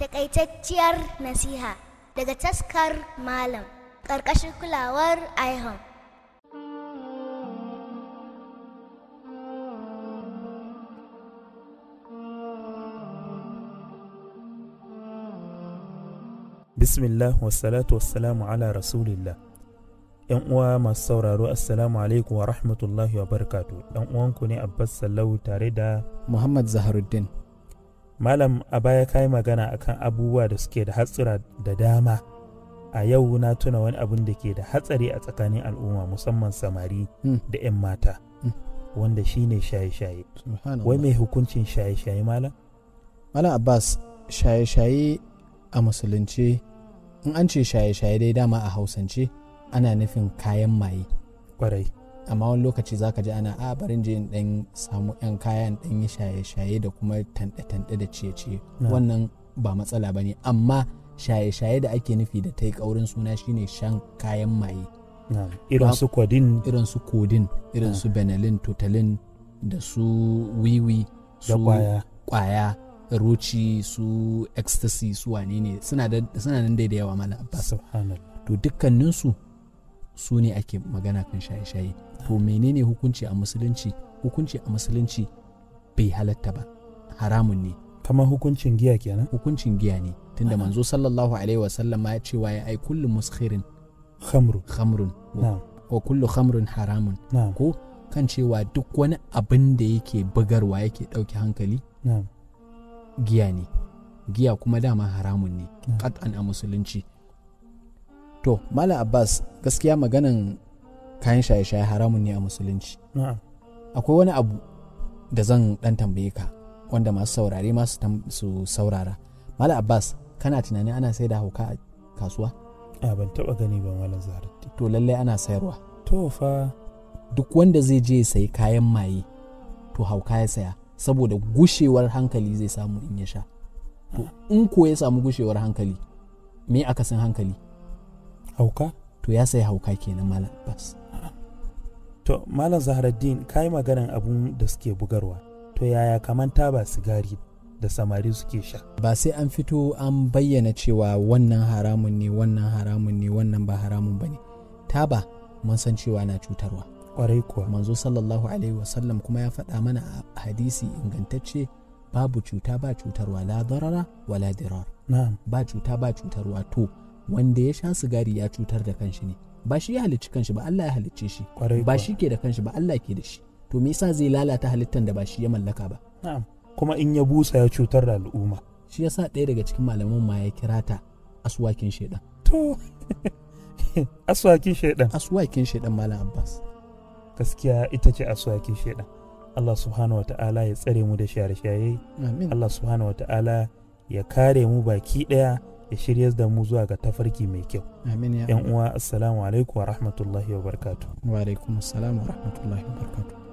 Takaitacciyar nasiha daga taskar Malam ƙarƙashin kulawar ihon Bismillah wassalatu wassalamu ala rasulillah. ‘Yan uwa masu sauraro, Assalamu alaikum wa rahmatullahi wa barkatu. ‘Yan uwanku ne Abbas Sallau tare da Muhammad Zaharuddin. malam a baya ka yi magana akan abubuwa da suke da hatsura da dama a yau na tuna wani abun da ke da hatsari a tsakanin al'umma musamman samari hmm. da 'yan mata hmm. wanda shi ne shaye-shaye wai mai hukuncin shaye-shaye malam malam abbas shaye-shaye a musulunci in an ce shaye-shaye dai dama a hausance ana nufin kayan maye kwarai amma wani lokaci za ka ji ana a barin je dan samu yan kayan dan yi shaye-shaye da kuma tanɗe-tanɗe da ciye-ciye wannan ba matsala ba ne amma shaye-shaye da ake nufi da ta yi ƙaurin suna shine shan kayan maye irin su kodin irin su kodin irin benelin totalin da su wiwi su kwaya roci su ecstasy su wane ne suna nan daidai yawa mala abbas to dukkaninsu su ne ake magana kan shaye-shaye to menene hukunci a musulunci hukunci a musulunci bai halatta ba haramun ne kamar hukuncin giya kenan hukuncin giya ne tunda manzo sallallahu alaihi wasallam ya ce waye ai kullu muskhirin khamrun khamrun wa kullu khamrun haramun ko kan cewa duk wani abin da yake bugarwa yake dauke hankali giya ne giya kuma dama haramun ne qat'an a musulunci to malam abbas gaskiya maganan kayan shaye-shaye haramun ne a musulunci akwai wani abu da zan dan tambaye ka wanda masu saurare masu su saurara mala abbas kana tunanin ana sai da hauka a kasuwa a ban taba gani ba malam zaharti to lallai ana sayarwa to fa duk wanda zai je sayi kayan maye to hauka ya saya saboda gushewar hankali zai samu in ya sha to in ko ya samu gushewar hankali me akasin hankali hauka to ya sai hauka kenan malam bas to malam zaharaddin ka yi maganan abun da suke bugarwa to yaya kaman ba sigari da samari suke sha ba sai an fito an bayyana cewa wannan haramun ne wannan haramun ne wannan ba haramun ba ne taba mun san cewa na cutarwa kwarai kuwa manzo sallallahu alaihi wasallam kuma ya faɗa mana a hadisi ingantacce babu cuta ba cutarwa la darara wala dirar na'am ba cuta ba cutarwa to wanda ya sha sigari ya cutar da kanshi ne ba shi ya halicci kanshi ba Allah ya halicce shi ba shi ke da kanshi ba Allah ke da shi to me yasa zai lalata halittan da ba shi ya mallaka ba na'am kuma in ya busa ya cutar da al'umma shi yasa ɗaya daga cikin malaman ma ya kira ta aswakin shaidan to aswakin shaidan aswakin shaidan malam abbas gaskiya ita ce aswakin shaidan Allah subhanahu wa ta'ala ya tsare mu da shaye-shaye Allah subhanahu wa ta'ala ya kare mu baki ɗaya ya shirya da mu zuwa ga tafarki mai kyau amin ya uwa assalamu alaikum wa rahmatullahi wa barakatuh wa alaikum assalam wa rahmatullahi wa barakatuh